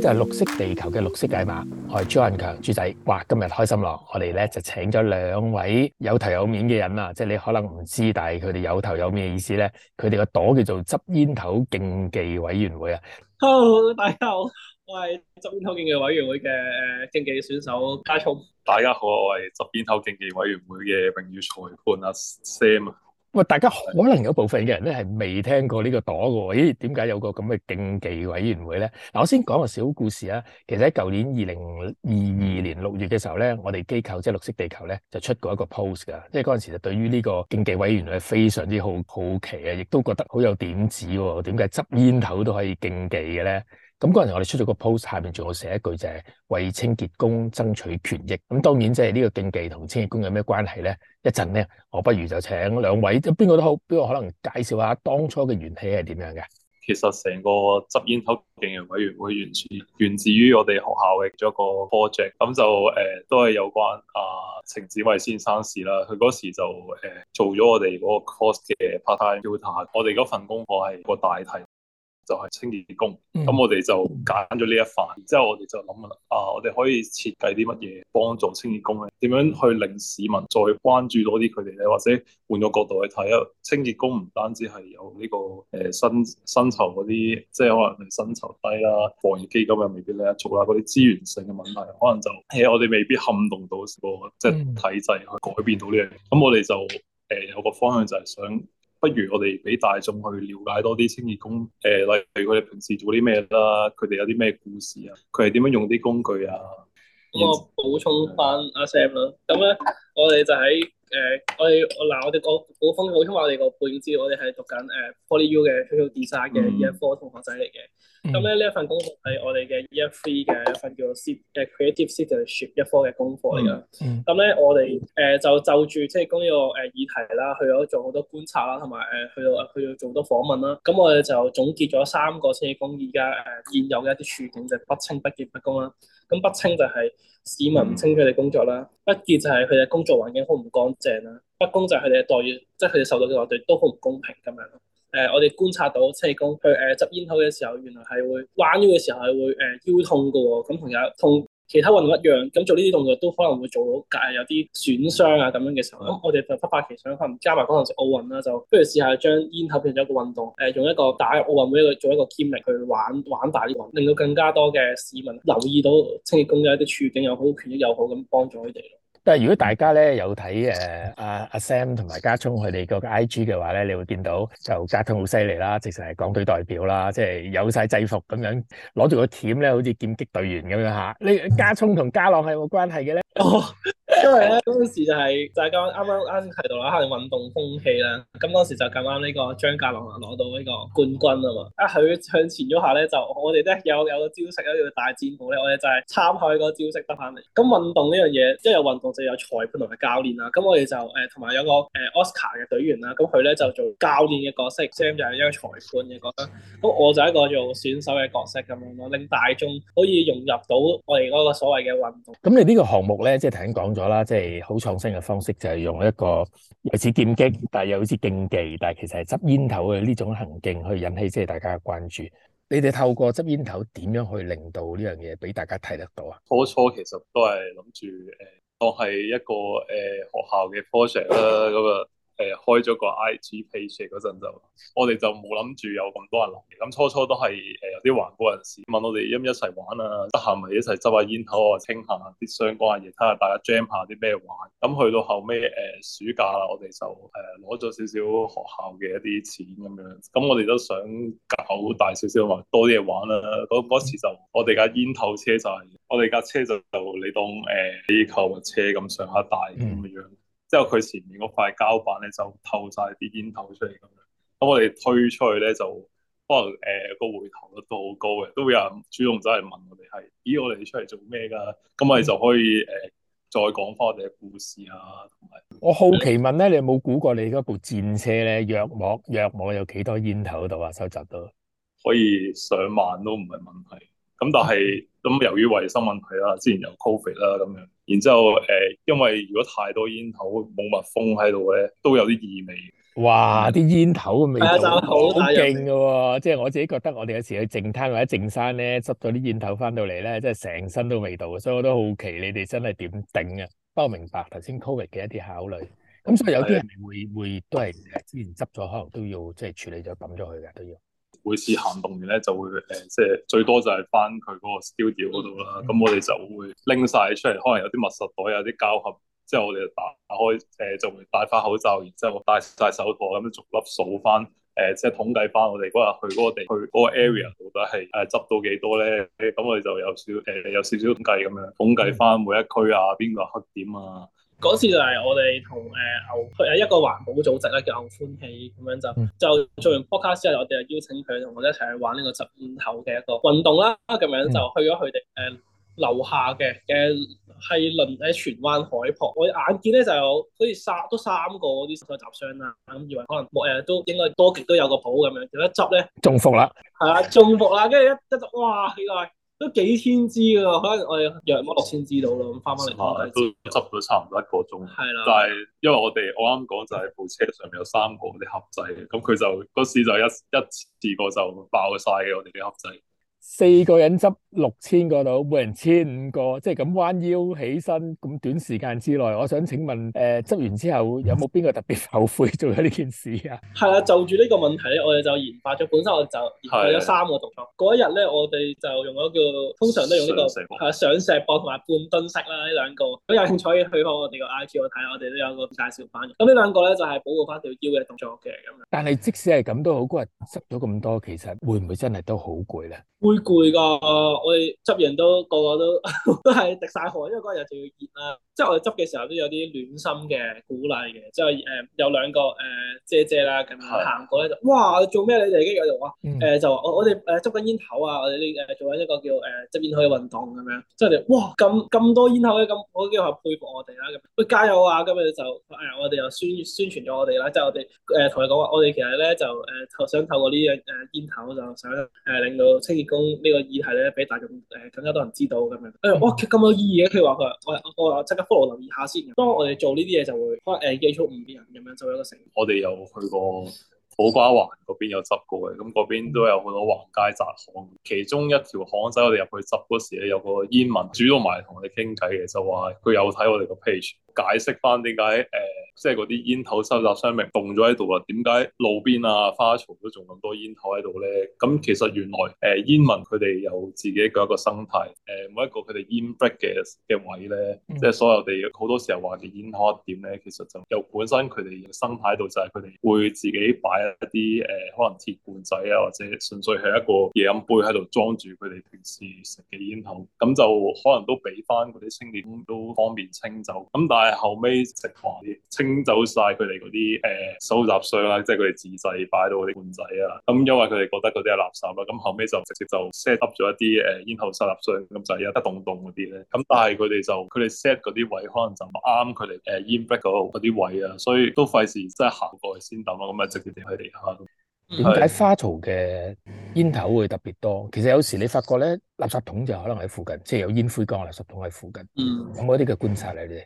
就係綠惜地球嘅綠色解碼，我係朱漢強朱仔。哇，今日開心咯！我哋咧就請咗兩位有頭有面嘅人啊，即係你可能唔知，但係佢哋有頭有面嘅意思咧，佢哋個朵叫做執煙頭競技委員會啊。Hello，大家好，我係執煙頭競技委員會嘅、呃、競技選手家聰。大家好，我係執煙頭競技委員會嘅榮譽裁判阿 Sam 啊。喂，大家可能有部分嘅人咧，係未聽過呢個朵嘅喎。咦，點解有個咁嘅競技委員會咧？嗱，我先講個小故事啊。其實喺舊年二零二二年六月嘅時候咧，我哋機構即係綠惜地球咧，就出過一個 post 噶。即係嗰陣時，就對於呢個競技委員會非常之好好奇啊，亦都覺得好有點子。點解執煙頭都可以競技嘅咧？咁嗰陣時我哋出咗個 post，下面仲有寫一句就係、是、為清潔工爭取權益。咁當然即係呢個競技同清潔工有咩關係咧？一陣咧，我不如就請兩位，即係邊個都好，邊個可能介紹下當初嘅元氣係點樣嘅？其實成個執煙頭競技委員會源自源自於我哋學校嘅一個 project。咁就誒、呃、都係有關阿、呃、程子偉先生事啦。佢嗰時就誒、呃、做咗我哋嗰個 course 嘅 part time 我哋嗰份功課係個大題。就係清潔工，咁、嗯、我哋就揀咗呢一塊，然、嗯、之後我哋就諗下啦，啊，我哋可以設計啲乜嘢幫助清潔工咧？點樣去令市民再關注到啲佢哋咧？或者換個角度去睇啊，清潔工唔單止係有呢、這個誒薪薪酬嗰啲，即係可能佢薪酬低啦，防疫基金又未必拎做足嗰啲資源性嘅問題，可能就其、呃、我哋未必撼動到個即係體制去改變到呢樣。咁、嗯嗯嗯、我哋就誒有個方向就係想。不如我哋俾大眾去了解多啲清潔工，誒、呃，例如佢哋平時做啲咩啦，佢哋有啲咩故事啊，佢係點樣用啲工具啊？咁我補充翻阿 Sam 啦，咁咧我哋就喺誒，我哋嗱、呃、我哋、呃、我、呃、我、呃、我補充補充話我哋個背景資料，我哋係讀緊誒、呃、PolyU 嘅 Social Design 嘅呢一科同學仔嚟嘅。嗯。咁咧呢一份工作係我哋嘅 E.F. e 嘅一份叫做思 creative citizenship 一科嘅功課嚟㗎。咁咧、嗯嗯、我哋誒就就住即係講呢個誒議題啦，去咗做好多觀察啦，同埋誒去到去到做好多訪問啦。咁我哋就總結咗三個社工而家誒現有嘅一啲處境就係不清不潔不公啦。咁不，不，不清就係市民唔清佢哋工作啦，不潔就係佢哋工作環境好唔乾淨啦，不公就係佢哋嘅待遇，即係佢哋受到嘅對待都好唔公平咁樣。誒、呃，我哋觀察到清潔工去誒、呃、執煙頭嘅時候，原來係會彎腰嘅時候係會誒、呃、腰痛嘅喎。咁同樣同其他運動一樣，咁、嗯、做呢啲動作都可能會做到，隔日有啲損傷啊咁樣嘅時候。咁、嗯、我哋就忽發奇想，可能加埋嗰陣時奧運啦，就不如試下將煙頭變成一個運動，誒、呃、用一個打入奧運會一個做一個競技去玩玩大呢個，令到更加多嘅市民留意到清潔工嘅一啲處境又好，權益又好，咁幫助佢哋。但係如果大家咧有睇誒阿 Sam 同埋家聰佢哋個 IG 嘅話咧，你會見到就家聰好犀利啦，直情係港隊代表啦，即係有晒制服咁樣攞住個鉗咧，好似劍擊隊員咁樣嚇、啊。你家聰同家朗係冇關係嘅咧？ 因為咧嗰陣時就係、係、就係咁啱啱啱先提到啦，可能運動風氣咧，咁嗰陣時就咁啱呢個張家朗攞到呢個冠軍啊嘛，啊佢向前咗下咧，就我哋咧有有一個招式咧叫大戰步咧，我哋就係參考呢個招式得翻嚟。咁運動呢樣嘢，即係有運動就有裁判同埋教練啊，咁我哋就誒同埋有個誒 Oscar 嘅隊員啦，咁佢咧就做教練嘅角色，即 a 係一個裁判嘅角色，咁我就一個做選手嘅角色咁樣咯，令大眾可以融入到我哋嗰個所謂嘅運動。咁你呢個項目咧，即係頭先講咗啦，即係好創新嘅方式，就係、是、用一個有似劍擊，但係又好似競技，但係其實係執煙頭嘅呢種行徑去引起即係大家嘅關注。你哋透過執煙頭點樣去令到呢樣嘢俾大家睇得到啊？初初其實都係諗住誒，當係一個誒、呃、學校嘅 project 啦咁誒開咗個 IG page 嗰陣就，我哋就冇諗住有咁多人嚟。咁初初都係誒、呃、有啲環保人士問我哋，一唔一齊玩啊？得閒咪一齊執下煙頭啊，清下啲相關嘅嘢，睇下大家 jam 下啲咩玩。咁、嗯、去到後尾，誒、呃、暑假啦，我哋就誒攞咗少少學校嘅一啲錢咁樣。咁、嗯嗯、我哋都想搞大少少埋，多啲嘢玩啦。咁嗰時就我哋架煙頭車就係、是，我哋架車就你當誒啲購物車咁上下大咁樣。 之後佢前面嗰塊膠板咧就透晒啲煙頭出嚟咁樣，咁我哋推出去咧就可能誒個、呃、回頭率都好高嘅，都會有人主動走嚟問我哋係，咦我哋出嚟做咩㗎？咁我哋就可以誒、呃、再講翻我哋嘅故事啊，同埋我好奇問咧，你有冇估過你嗰部戰車咧，約莫約莫有幾多煙頭度啊？收集到可以上萬都唔係問題，咁但係。咁、嗯、由於衞生問題啦，之前有 Covid 啦咁樣，然之後誒、呃，因為如果太多煙頭冇密封喺度咧，都有啲異味。哇！啲煙頭嘅味道好勁㗎喎，即係我自己覺得，我哋有時去淨灘或者淨山咧，執咗啲煙頭返到嚟咧，真係成身都味道。所以我都好奇你哋真係點頂啊？不過明白頭先 Covid 嘅一啲考慮，咁所以有啲人會、嗯、會,會都係之前執咗可能都要即係處理咗抌咗佢嘅都要。每次行動完咧，就會誒，即、呃、係最多就係翻佢嗰個 studio 嗰度啦。咁、mm hmm. 我哋就會拎晒出嚟，可能有啲密實袋，有啲膠盒。之後我哋就打開，誒、呃，就會戴翻口罩，然之後戴、呃就是、我戴晒手套，咁樣逐粒數翻，誒，即係統計翻我哋嗰日去嗰個地去嗰個 area 到底係誒執到幾多咧。咁我哋就有少誒、呃，有少少統計咁樣，統計翻每一區啊，邊個黑點啊。嗰次就係我哋同誒牛，誒一個環保組織咧，叫牛歡喜，咁樣，就就做完 podcast 之後，我哋就邀請佢同我哋一齊去玩呢個執煙頭嘅一個運動啦。咁樣就去咗佢哋誒樓下嘅嘅係輪喺荃灣海旁。我眼見咧，就有好似三都三個嗰啲個雜箱啦，咁以為可能誒都應該多極都有個譜咁樣，結果執咧，中伏啦，係啊中伏啦，跟住一一執哇佢。都幾千支㗎喎，可能我哋約咗先知道咯。咁翻返嚟都執咗差唔多一個鐘。係啦的，但係因為我哋我啱講就係部車上面有三個啲盒仔，咁佢就嗰時就一一次過就爆晒嘅，我哋啲盒仔。四個人執六千個度，每人千五個，即係咁彎腰起身，咁短時間之內，我想請問，誒執完之後有冇邊個特別後悔做咗呢件事啊？係啊，就住呢個問題咧，我哋就研發咗，本身我就研究咗三個動作。嗰一日咧，我哋就用咗叫，通常都用呢個係上石膊同埋半蹲式啦，呢兩個。咁有興趣嘅去開我哋個 I G，我睇下，我哋都有個介紹翻。咁呢兩個咧就係保護翻對腰嘅動作嘅咁。但係即使係咁都好，嗰日執咗咁多，其實會唔會真係都好攰咧？會。攰㗎，我哋執人都個個都都係滴晒汗，因為嗰日仲要熱啊。即係我哋執嘅時候都有啲暖心嘅鼓勵嘅，即係誒有兩個誒、呃、姐姐啦咁行過咧，就哇做咩你哋一日用啊？誒就、嗯、就我我哋誒執緊煙頭啊，我哋啲誒做緊一個叫誒執煙頭嘅運動咁樣，即係哇咁咁多煙頭嘅咁，我哋叫話佩服我哋啦咁，喂加油啊！咁樣就誒、呃、我哋又宣宣傳咗我哋啦，即係我哋誒同佢講話，我哋其實咧就誒、呃、想透過呢樣誒煙頭就想誒令到清潔工。呢個議題咧，俾大眾誒更加多人知道咁樣。誒，咁有意義嘅。佢話佢話，我我即刻 follow 留意下先。當我哋做呢啲嘢，就會誒影響唔少人咁樣，就一個成。我哋有去過土瓜灣嗰邊有執過嘅，咁嗰邊都有好多橫街窄巷。其中一條巷仔，我哋入去執嗰時咧，有個煙民主動埋同我哋傾偈嘅，就話佢有睇我哋個 page。解釋翻點解誒，即係嗰啲煙頭收集箱咪凍咗喺度啊？點解路邊啊、花槽都仲咁多煙頭喺度咧？咁其實原來誒煙民佢哋有自己嘅一,一個生態，誒、呃、每一個佢哋煙 break 嘅嘅位咧，即係所有哋好多時候話嘅煙 hot 點咧，其實就又本身佢哋嘅生態度就係佢哋會自己擺一啲誒、呃、可能鐵罐仔啊，或者純粹係一個嘢飲杯喺度裝住佢哋平時食嘅煙頭，咁就可能都俾翻嗰啲清潔都方便清走。咁但係。後尾食房清走晒佢哋嗰啲誒收集箱啦，即係佢哋自製擺到嗰啲罐仔啊。咁、嗯、因為佢哋覺得嗰啲係垃圾啦，咁、嗯、後尾就直接就 set up 咗一啲誒、呃、煙頭收集箱，咁、嗯、就有得棟棟嗰啲咧。咁、嗯、但係佢哋就佢哋 set 嗰啲位可能就唔啱佢哋誒煙灰嗰嗰啲位啊，所以都費事即係行過去先抌啊。咁、嗯、咪直接掉去地下。點、嗯、解花槽嘅煙頭會特別多？其實有時你發覺咧，垃圾桶就可能喺附近，即係有煙灰缸、垃圾桶喺附近。嗯。有冇一啲嘅觀察嚟嘅。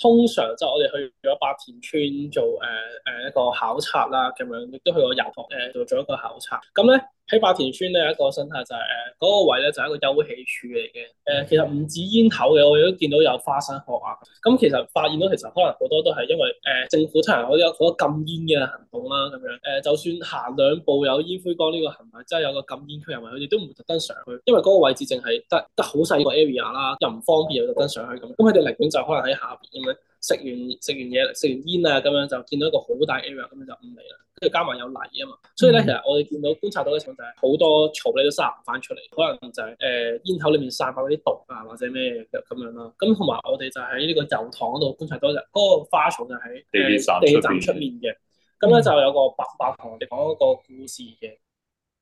通常就係我哋去咗八田村做誒誒一個考察啦，咁樣亦都去過仁和誒做咗一個考察，咁咧。喺白田村咧，有一個生態就係誒，嗰個位咧就係一個休憩處嚟嘅誒，其實唔止煙頭嘅，我亦都見到有花生殼啊。咁其實發現到其實可能好多都係因為誒、呃、政府出行我有好多禁煙嘅行動啦，咁樣誒、呃，就算行兩步有煙灰缸呢個行為，即係有個禁煙區啊，佢哋都唔會特登上去，因為嗰個位置淨係得得好細個 area 啦，又唔方便又特登上去咁。咁佢哋寧願就可能喺下邊咁樣。食完食完嘢食完煙啊咁樣就見到一個好大 area 咁樣就唔嚟啦。跟住加埋有泥啊嘛，所以咧其實我哋見到觀察到嘅情況就係、是、好多草呢都生唔翻出嚟，可能就係、是、誒、呃、煙頭裡面散發嗰啲毒啊或者咩嘅咁樣啦。咁同埋我哋就喺呢個油塘度觀察到就嗰、是、個花草就喺地鐵站出面嘅。咁咧、嗯、就有個白白同我哋講一個故事嘅。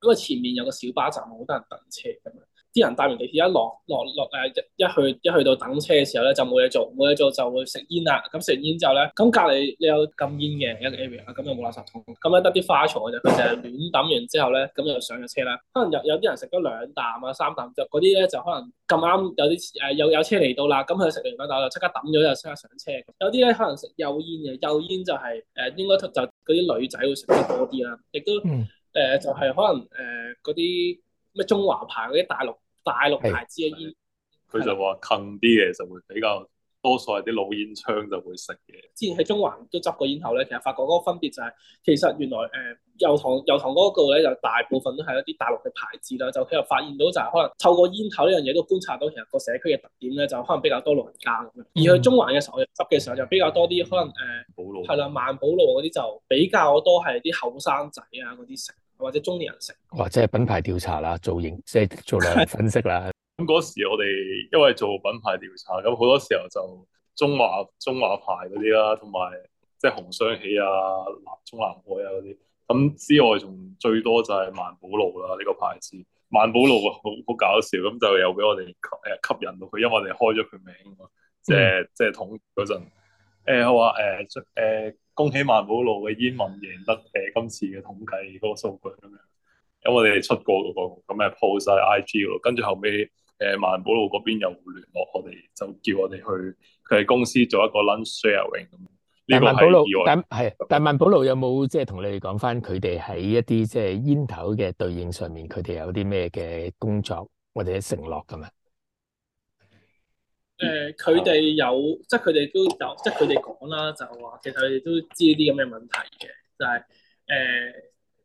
咁啊前面有個小巴站，好多人等車咁樣。啲人搭完地鐵一落落落誒、啊、一去一去到等車嘅時候咧就冇嘢做冇嘢做就會食煙啦咁食完煙之後咧咁隔籬你有禁煙嘅一個 area 咁又冇垃圾桶咁樣得啲花草嘅佢就係亂抌完之後咧咁就上咗車啦可能有有啲人食咗兩啖啊三啖就嗰啲咧就可能咁啱有啲誒、呃、有有車嚟到啦咁佢食完嗰啖就即刻抌咗就即刻上車有啲咧可能食幼煙嘅幼煙就係、是、誒、呃、應該就嗰啲女仔會食得多啲啦亦都誒、呃、就係、是、可能誒嗰啲咩中華牌嗰啲大陸。大陸牌子嘅煙，佢的的就話近啲嘅就會比較多數係啲老煙槍就會食嘅。之前喺中環都執過煙頭咧，其實發覺嗰個分別就係、是，其實原來誒油塘油塘嗰度咧就大部分都係一啲大陸嘅牌子啦，就佢又發現到就係、是、可能透過煙頭呢樣嘢都觀察到其實個社區嘅特點咧，就可能比較多老人家咁樣。而去中環嘅時候執嘅時候就比較多啲、嗯、可能誒，保路、係、呃、啦，萬寶路嗰啲就比較多係啲後生仔啊嗰啲食。或者中年人食，或者係品牌調查啦，造型，即係做量分析啦。咁嗰 時我哋因為做品牌調查，咁好多時候就中華、中華牌嗰啲啦，同埋即係紅雙喜啊、中南海啊嗰啲。咁之外，仲最多就係萬寶路啦，呢個牌子。萬寶路好好搞笑。咁就又俾我哋誒吸引到佢，因為我哋開咗佢名。即係即係統嗰陣，誒、嗯欸、好啊，誒、欸、誒。恭喜萬寶路嘅煙民贏得誒今次嘅統計嗰個數據咁樣，因我哋出過嗰個，咁嘅 post 曬 IG 咯。跟住後尾誒萬寶路嗰邊又聯絡，我我哋就叫我哋去佢哋公司做一個 lunch sharing。咁呢、這個係意外係但，但萬寶路有冇即係同你哋講返佢哋喺一啲即係煙頭嘅對應上面，佢哋有啲咩嘅工作或者承諾咁啊？誒，佢哋、嗯、有，即係佢哋都有，即係佢哋講啦，就話其實佢哋都知呢啲咁嘅問題嘅，就係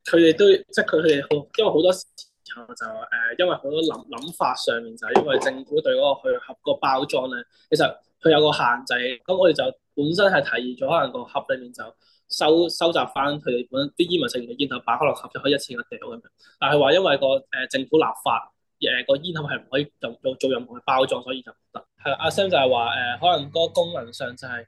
誒，佢哋都，即係佢哋好，因為好多時候就誒、呃，因為好多諗諗法上面就係因為政府對嗰個去的盒個包裝咧，其實佢有個限制，咁我哋就本身係提議咗可能個盒裏面就收收集翻佢哋本身啲煙民食完嘅煙頭，擺喺落盒就可以一次過掉咁，但係話因為、嗰個誒、呃、政府立法。誒個煙盒係唔可以做做做任何嘅包裝，所以就唔得。係啦，阿 Sam 就係話誒，可能嗰個功能上就係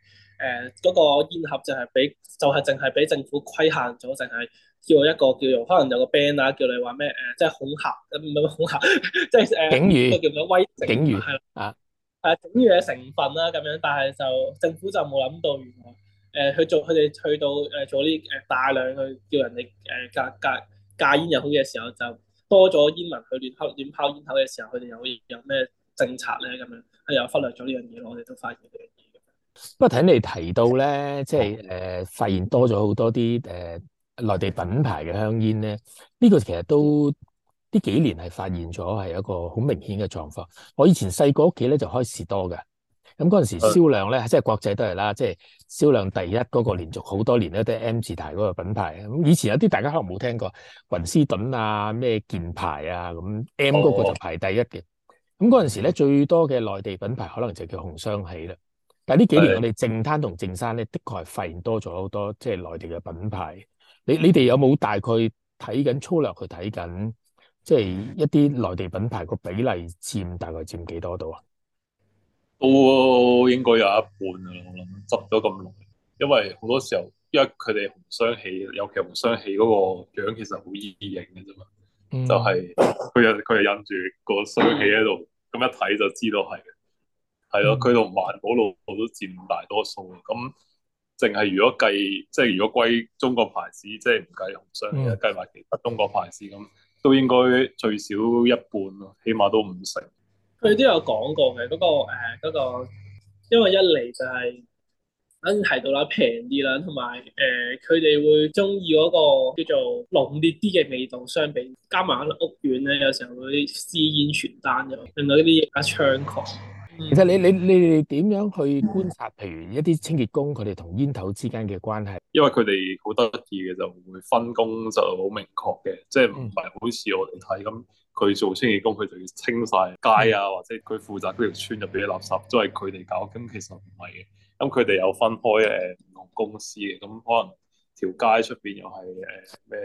誒嗰個煙盒就係俾就係淨係俾政府規限咗，淨係叫一個叫做，可能有個 ban 啊，叫你話咩誒，即係恐嚇恐嚇，即係誒警語叫咩威警語係啦，誒警語嘅成分啦咁樣，但係就政府就冇諗到原來誒去做佢哋去到誒做呢誒大量去叫人哋誒戒戒戒煙又好嘅時候就。多咗煙民去亂拋亂拋煙頭嘅時候，佢哋有有咩政策咧？咁樣佢又忽略咗呢樣嘢，我哋都發現呢樣嘢。不過睇你提到咧，即係誒的、呃、發現多咗好多啲誒、呃、內地品牌嘅香煙咧，呢、這個其實都呢幾年係發現咗係一個好明顯嘅狀況。我以前細個屋企咧就開士多嘅。咁嗰陣時銷量咧，即係國際都係啦，即係銷量第一嗰個連續好多年咧，都係 M 字大嗰個品牌。咁以前有啲大家可能冇聽過雲斯頓啊、咩健牌啊，咁、嗯、M 嗰個就排第一嘅。咁嗰陣時咧，嗯、最多嘅內地品牌可能就叫紅雙喜啦。但係呢幾年我哋淨灘同淨山咧，的確係發現多咗好多即係內地嘅品牌。你你哋有冇大概睇緊粗略去睇緊，即係一啲內地品牌個比例佔大概佔幾多度啊？都、哦、應該有一半啊！我諗執咗咁耐，因為好多時候，因為佢哋紅雙喜尤其紅雙喜嗰個樣，其實好易認嘅啫嘛。嗯、就係佢有佢係印住個雙喜喺度，咁一睇就知道係。係咯，佢度環保路度都佔大多數。咁淨係如果計，即係如果歸中國牌子，即係唔計紅雙喜，計埋其他中國牌子，咁都應該最少一半咯，起碼都五成。佢都有講過嘅嗰、嗰個誒、呃嗰個、因為一嚟就係、係、啱提到啦，平啲啦，同埋誒佢哋會中意嗰個叫做濃烈啲嘅味道，相比加埋屋苑咧，有時候會私煙傳單咁，令到呢啲嘢更加猖狂。其實你你你哋點樣去觀察，嗯、譬如一啲清潔工佢哋同煙頭之間嘅關係？因為佢哋好得意嘅就會分工就好明確嘅，即係唔係好似我哋睇咁。嗯佢做清潔工，佢就要清晒街啊，或者佢負責嗰條村入邊啲垃圾都係佢哋搞。咁其實唔係嘅，咁佢哋有分開唔同公司嘅。咁可能條街出邊又係誒咩，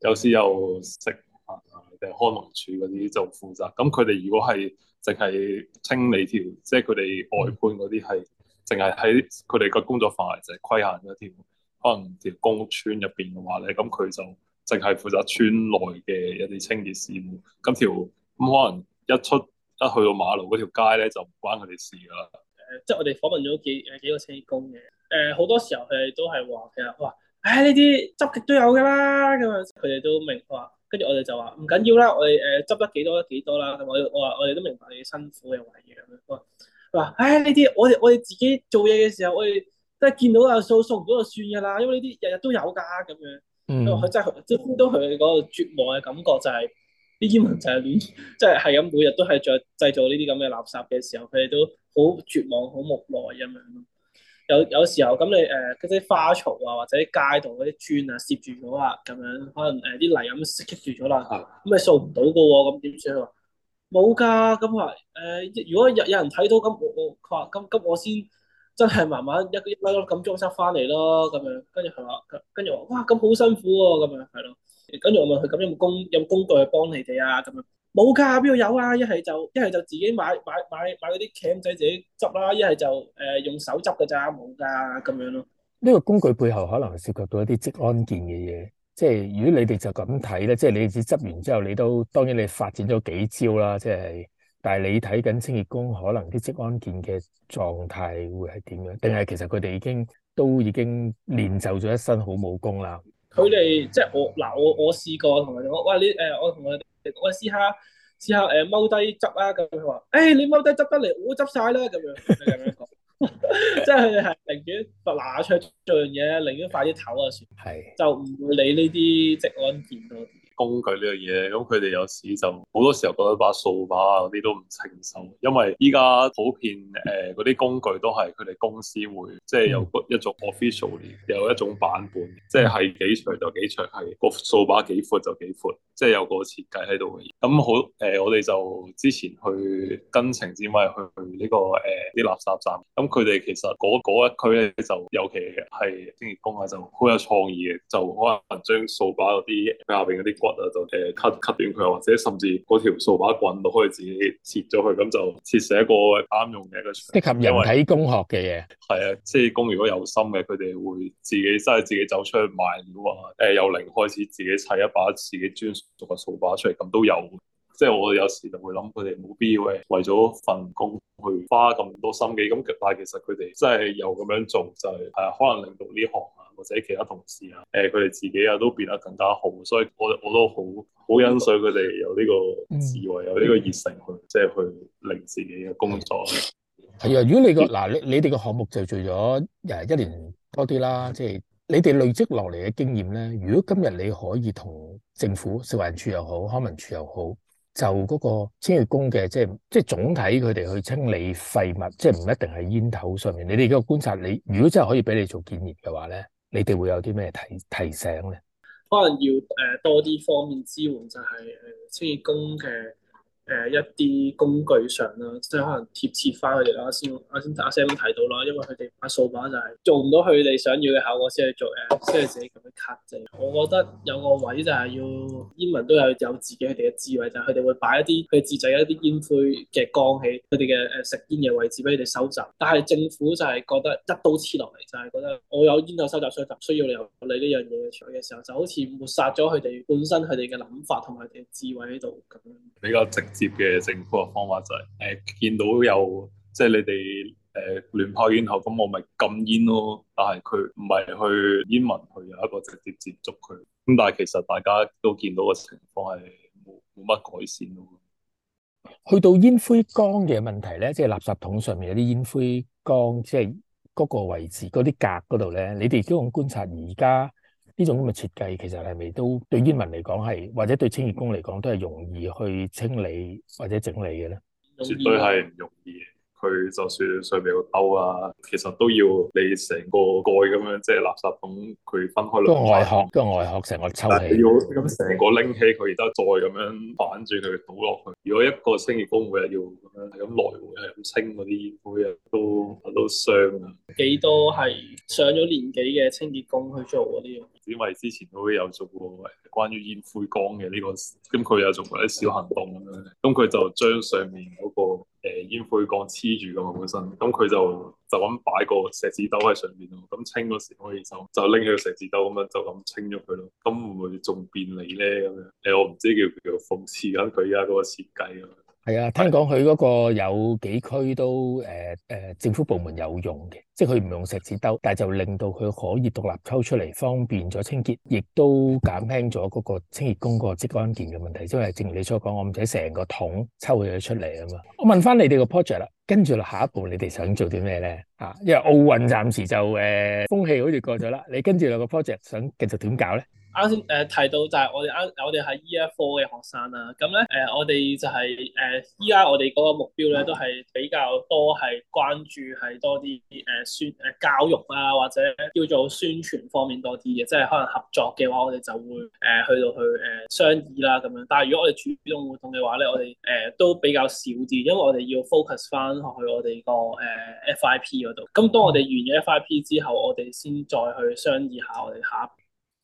有時又食啊定係康文署嗰啲就負責。咁佢哋如果係淨係清理條，即係佢哋外判嗰啲係淨係喺佢哋個工作範圍，就係規限一條可能條公屋村入邊嘅話咧，咁佢就，淨係負責村內嘅一啲清潔事務，咁條咁、嗯、可能一出一去到馬路嗰條街咧，就唔關佢哋事㗎啦。誒、呃，即係我哋訪問咗幾幾個清潔工嘅，誒、呃、好多時候佢哋都係話其實話，誒呢啲執極都有㗎啦咁樣。佢哋都明白，跟住我哋就話唔緊要啦，我哋誒執得幾多得幾多啦。我我話我哋都明白你辛苦嘅為嘢咁樣。佢話佢誒呢啲我哋我哋自己做嘢嘅時候，我哋都係見到啊，掃掃唔到就算㗎啦，因為呢啲日日都有㗎咁樣。嗯，佢真係都都佢嗰個絕望嘅感覺，就係啲煙民就係亂，即係係咁每日都係在製造呢啲咁嘅垃圾嘅時候，佢哋都好絕望、好無奈咁樣咯。有有時候咁你誒嗰啲花槽啊，或者街道嗰啲磚啊攝住咗啊，咁樣可能誒啲、呃、泥咁攝住咗啦，咁你掃唔到噶喎，咁點算啊？冇㗎，咁話誒，如果有有人睇到咁，我我佢話咁咁我先。真係慢慢一個一粒粒咁裝塞翻嚟咯，咁樣。跟住佢話，跟住話，哇，咁好辛苦喎、啊，咁樣係咯。跟住我問佢咁有工有冇工具去幫你哋啊？咁樣冇㗎，邊度有啊？一係就一係就自己買買買買嗰啲鉗仔自己執啦，一係就誒、呃、用手執㗎咋，冇㗎咁樣咯。呢個工具背後可能涉及到一啲職安健嘅嘢，即係如果你哋就咁睇咧，即係你哋只執完之後，你都當然你發展咗幾招啦，即係。但係你睇緊清潔工，可能啲職安健嘅狀態會係點樣？定係其實佢哋已經都已經練就咗一身好武功啦。佢哋即係我嗱，我我試過同佢哋講，喂、欸，你誒，我同佢哋我試下試下誒，踎低執啦。咁佢話，誒，你踎低執得嚟，我執晒啦。咁樣即係佢哋係寧願拔拿出做樣嘢，寧願快啲唞就算，是就唔會理呢啲職安健咯。工具呢樣嘢，咁佢哋有時就好多時候覺得把掃把啊嗰啲都唔稱心，因為依家普遍誒嗰啲工具都係佢哋公司會即係、就是、有個一種 official 有一種版本，即係係幾長就幾長，係個掃把幾闊就幾闊，即、就、係、是、有個設計喺度嘅。咁好誒、呃，我哋就之前去跟程志威去呢、這個誒啲、呃、垃圾站，咁佢哋其實嗰嗰一區咧就尤其係清潔工啊，就好有創意嘅，就可能將掃把嗰啲下邊嗰啲就誒 cut cut 斷佢，或者甚至嗰條掃把棍都可以自己切咗佢，咁就切成一個啱用嘅一個。適合人體工學嘅嘢。係啊，即係工如果有心嘅，佢哋會自己真係自己走出去買料啊！誒，由零開始自己砌一把自己專屬嘅掃把出嚟，咁都有。即係我有時就會諗，佢哋冇必要嘅，為咗份工去花咁多心機。咁但係其實佢哋真係有咁樣做，就係、係、係可能令到呢行。或者其他同事啊，誒佢哋自己啊都變得更加好，所以我我都好好欣賞佢哋有呢個智慧，嗯、有呢個熱誠去，即係去令自己嘅工作係啊！如果你個嗱、嗯、你你哋個項目就做咗誒一年多啲啦，即係你哋累積落嚟嘅經驗咧。如果今日你可以同政府食環署又好，康文署又好，就嗰個清潔工嘅，即係即係總體佢哋去清理廢物，即係唔一定係煙頭上面。你哋個觀察，你如果真係可以俾你做建議嘅話咧。你哋會有啲咩提提醒咧？可能要誒、呃、多啲方面支援，就係、是、誒、呃、清潔工嘅。誒、呃、一啲工具上啦，即係可能貼切翻佢哋啦。先我、啊、先阿 Sam、啊、提到啦，因為佢哋把掃把就係、是、做唔到佢哋想要嘅效果做，先係做誒，先係自己咁樣 cut，我覺得有個位就係要煙民都有有自己佢哋嘅智慧就，就係佢哋會擺一啲佢自製、一啲煙灰嘅缸喺佢哋嘅誒食煙嘅位置，俾佢哋收集。但係政府就係覺得一刀切落嚟，就係覺得我有煙蒂收集箱集，需要你有你呢樣嘢嘅時候，就好似抹殺咗佢哋本身佢哋嘅諗法同埋佢哋嘅智慧喺度咁樣，比較直。嘅政府嘅方法就係，誒見到有即係你哋誒亂拋煙頭，咁我咪禁煙咯。但係佢唔係去煙民去有一個直接接觸佢。咁但係其實大家都見到個情況係冇冇乜改善咯。去到煙灰缸嘅問題咧，即係垃圾桶上面有啲煙灰缸，即係嗰個位置嗰啲格嗰度咧，你哋都咁觀察而家。呢種咁嘅設計其實係咪都對煙民嚟講係，或者對清潔工嚟講都係容易去清理或者整理嘅咧？絕對係唔容易。佢就算上面個兜啊，其實都要你成個蓋咁樣，即係垃圾桶佢分開兩個外殼，個外殼成個抽起，咁成個拎起佢，然之後再咁樣反轉佢倒落去。如果一個清潔工每日要咁樣咁來回咁清嗰啲煙灰啊，都都傷啊。幾多係上咗年紀嘅清潔工去做嗰啲嘢？因為之前都有做過關於煙灰缸嘅呢個，咁佢又做過啲小行動咁樣，咁佢就將上面嗰個誒、呃、煙灰缸黐住噶嘛本身，咁佢就就咁擺個錫紙兜喺上面咯，咁清嗰時可以就就拎起個錫紙兜咁樣就咁清咗佢咯，咁會唔會仲便利咧咁樣？誒、嗯、我唔知叫唔叫做諷刺緊佢而家嗰個設計咁樣。係啊，聽講佢嗰個有幾區都誒誒、呃呃，政府部門有用嘅，即係佢唔用錫紙兜，但係就令到佢可以獨立抽出嚟，方便咗清潔，亦都減輕咗嗰個清潔工個職安健嘅問題。因為正如你所講，我唔使成個桶抽佢出嚟啊嘛。我問翻你哋個 project 啦，跟住落下一步，你哋想做啲咩咧？啊，因為奧運暫時就誒、呃、風氣好似過咗啦，你跟住落個 project 想繼續點搞咧？啱先誒提到就係我哋啱，我哋係 E.F. 科嘅學生啦，咁咧誒我哋就係誒，依家我哋嗰個目標咧都係比較多係關注係多啲誒宣誒教育啊或者叫做宣傳方面多啲嘅，即係可能合作嘅話我哋就會誒去到去誒商議啦咁樣。但係如果我哋主動活動嘅話咧，我哋誒都比較少啲，因為我哋要 focus 翻去我哋個誒 F.I.P. 嗰度。咁當我哋完咗 F.I.P. 之後，我哋先再去商議下我哋下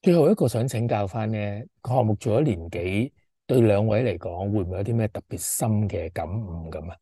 最後一個想請教翻咧，個項目做咗年幾，對兩位嚟講會唔會有啲咩特別深嘅感悟咁啊？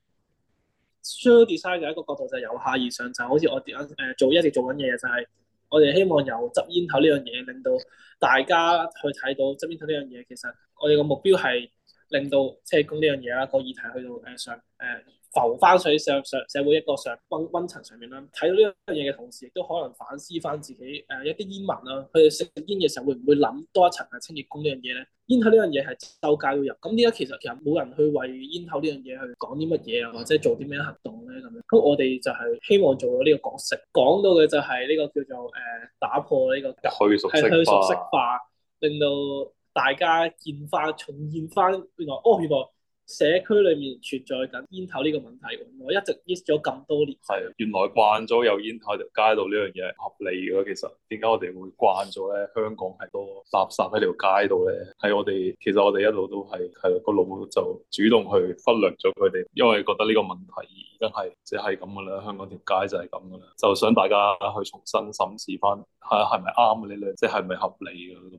Social design 嘅一個角度就係由下而上，就好似我哋啱做一直做緊嘢就係、是，我哋希望由執煙頭呢樣嘢，令到大家去睇到執煙頭呢樣嘢。其實我哋個目標係令到即車公呢樣嘢啦個議題去到誒上誒。Uh, 浮翻水上社社社會一個上温温層上面啦，睇到呢樣嘢嘅同時，亦都可能反思翻自己誒一啲煙民啦，佢哋食煙嘅時候會唔會諗多一層啊？清潔工呢樣嘢咧，煙頭呢樣嘢係周界度入，咁點解其實其實冇人去為煙頭呢樣嘢去講啲乜嘢啊，或者做啲咩行動咧咁樣？咁我哋就係希望做到呢個角色，講到嘅就係呢個叫做誒、呃、打破呢、呢個係去熟悉化，令到大家現化，重現翻原來哦原來，哦社區裏面存在緊煙頭呢個問題，我一直 miss 咗咁多年。係，原來慣咗有煙頭喺條街度呢樣嘢係唔合理嘅。其實點解我哋會慣咗咧？香港係多垃圾喺條街度咧，喺我哋其實我哋一路都係係個腦就主動去忽略咗佢哋，因為覺得呢個問題而家係即係咁嘅啦。香港條街就係咁嘅啦，就想大家去重新審視翻係係咪啱嘅呢？即係咪合理嘅咁？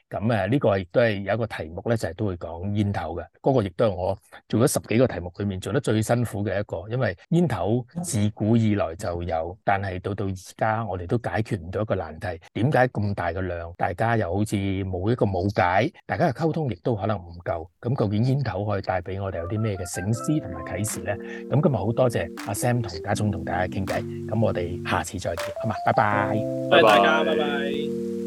咁啊，呢個係亦都係有一個題目咧，就係都會講煙頭嘅。嗰個亦都係我做咗十幾個題目裏面做得最辛苦嘅一個，因為煙頭自古以來就有，但係到到而家我哋都解決唔到一個難題。點解咁大嘅量，大家又好似冇一個冇解，大家嘅溝通亦都可能唔夠。咁究竟煙頭可以帶俾我哋有啲咩嘅醒思同埋啟示咧？咁今日好多謝阿 Sam 同家聰同大家傾偈。咁我哋下次再見。好嘛，拜拜。多謝大家，拜拜。